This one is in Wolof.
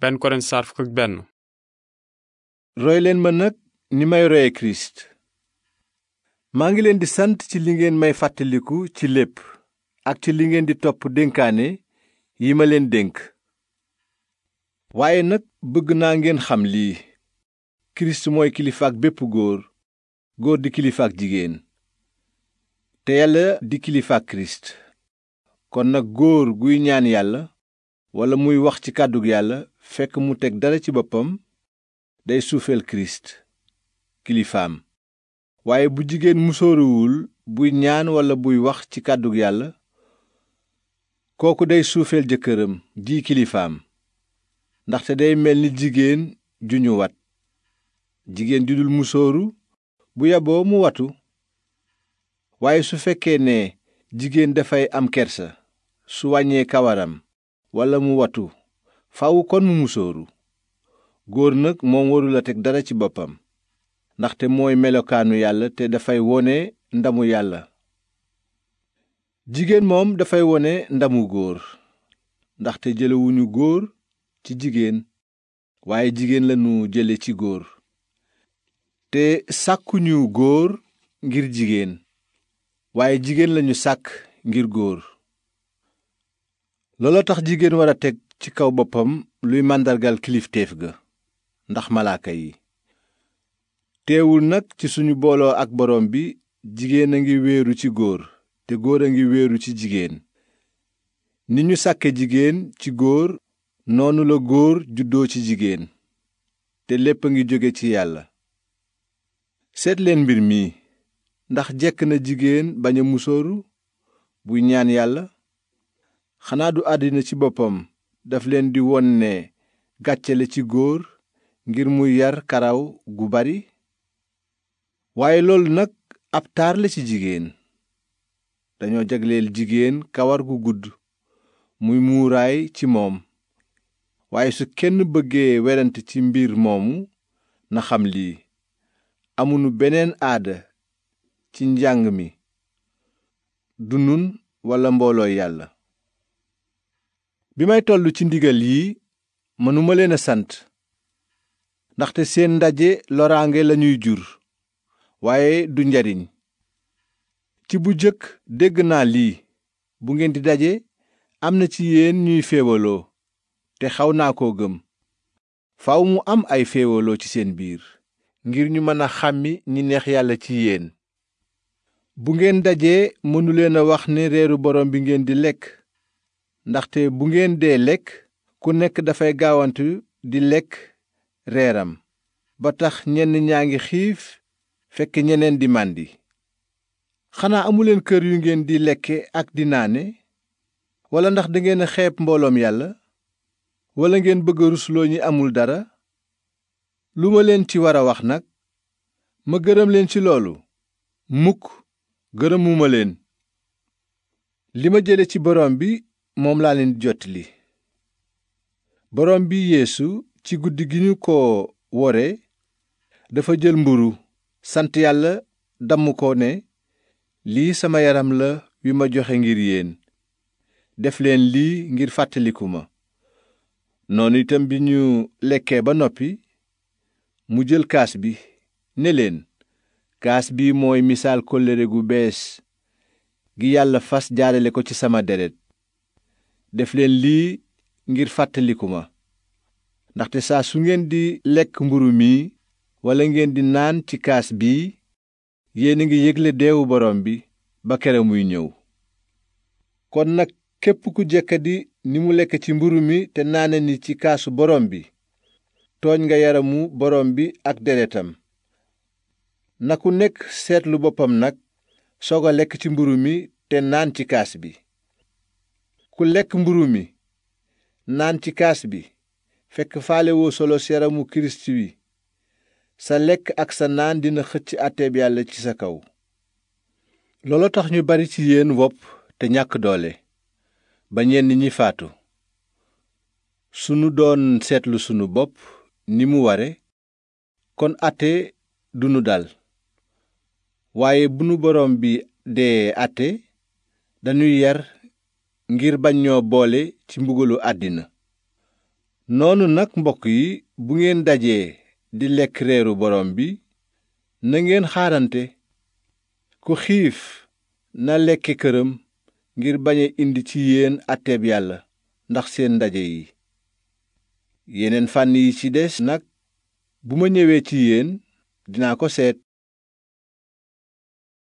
benn Korent saar ma nag ni may roye kirist maa ngi leen di sant ci li ngeen may fàttaliku ci lépp ak ci li ngeen di topp dénkaane yi ma leen dénk waaye nag bëgg naa ngeen xam lii kirist mooy kilifaak bépp góor góor di kilifaak jigéen te yàlla di kilifaak kirist kon nag góor guy ñaan yàlla walla muy wax ci kàddu yàlla fekk mu teg dara ci boppam day suufeel kirist kilifaam waaye bu jigéen musóoruwul buy ñaan walla buy wax ci kàddu yàlla kooku day suufeel jëkkëram di kilifaam ndaxte day mel ni jigéen ju ñu wat jigéen ju dul musóoru bu yaboo mu watu waaye su fekkee ne jigéen dafay am kersa su wàññee kawaram walla mu watu faw kon mu musóoru góor nag moom warul a teg dara ci boppam ndaxte mooy melokaanu yàlla te dafay wone ndamu yàlla jigéen moom dafay wone ndamu góor ndaxte jëlewuñu góor ci jigéen waaye jigéen lañu jële ci góor te sàkkuñu góor ngir jigéen waaye jigéen lañu sàkk ngir góor war a teg ci kaw boppam luy màndargal kilifteef ga ndax malaaka yi teewul nag ci suñu booloo ak borom bi jigéen a ngi wéeru ci góor te góor a ngi wéeru ci jigéen ni ñu sàkke jigéen ci góor noonu la góor juddoo ci jigéen te lépp a ngi jóge ci yàlla seetleen mbir mi ndax jekk na jigéen bañ a musóoru buy ñaan yàlla xanaa du àddina ci boppam daf leen di won ne gàcce ci góor ngir mu yar karaw gu bari waaye loolu nag ab taar la ci jigéen dañoo jagleel jigéen kawar gu gudd muy muuraay ci moom waaye su kenn bëggee werante ci mbir moomu na xam lii amunu beneen aada ci njàng mi du nun walla mbooloo yàlla bi may toll ci ndigal yi mënuma leen a sant ndaxte seen ndaje loraange lañuy jur waaye du njariñ ci bu jëkk dégg naa lii bu ngeen di daje am na ci yéen ñuy féewaloo te xaw naa ko gëm faw mu am ay féewaloo ci seen biir ngir ñu mën a xàmmi ñi neex yàlla ci yéen bu ngeen dajee mënuleen a wax ne reeru borom bi ngeen di lekk ndaxte bu ngeen dee lekk ku nekk dafay gaawantu di lekk reeram ba tax ñenn ñaa ngi xiif fekk ñeneen di màndi xanaa amuleen kër yu ngeen di lekke ak di naane walla ndax dangeen a xeeb mbooloom yàlla walla ngeen bëgg rusloo ñi amul dara lu ma leen ci war a wax nag ma gërëm leen ci loolu mukk gërëmuma leen li ma jële ci borom bi moom laa leen jottali borom bi yéesu ci guddi gi ñu ko wore dafa jël mburu sant yàlla damm ko ne lii sama yaram la wi ma joxe ngir yéen def leen lii ngir fàttaliku ma noonu itam bi ñu lekkee ba noppi mu jël kaas bi ne leen kaas bi mooy misaal kóllëre gu bees gi yàlla fas jaarale ko ci sama deret def leen lii ngir fàttaliku ma ndaxte saa su ngeen di lekk mburu mi walla ngeen di naan ci kaas bii yéen a ngi yégle deewu borom bi ba kere muy ñëw kon nag képp ku jekkadi ni mu lekk ci mburu mi te naane ni ci kaasu borom bi tooñ nga yaramu borom bi ak deretam na ku nekk seetlu boppam nag soog a lekk ci mburu mi te naan ci kaas bi ku lekk mburu mi naan ci kaas bi fekk faalewoo solos yaramu kirist wi sa lekk ak sa naan dina xëcc àtteeb yàlla ci sa kaw loolo tax ñu bari ci yéen wopp te ñàkk doole ba ñenn ñi faatu sunu doon seetlu sunu bopp ni mu ware kon àtte dunu dal waaye bu nu boroom bi dee àtte dañuy yar ngir bañ ñoo boole ci mbugalu àddina noonu nag mbokk yi bu ngeen dajee di lekk reeru borom bi na ngeen xaarante ku xiif na lekke këram ngir bañ indi ci yéen àtteeb yàlla ndax seen ndaje yi yeneen fànn yi ci des nag bu ma ñëwee ci yéen dinaa ko seet